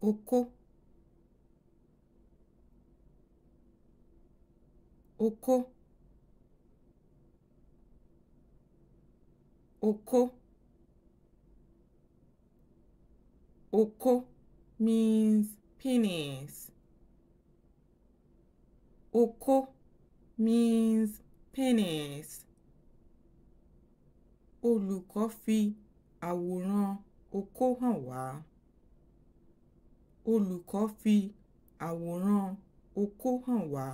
okó okó okó okó means penis okó means penis olùkọ́ fi àwòrán okó hàn wá olùkọ́ fi àwòrán okó hàn wá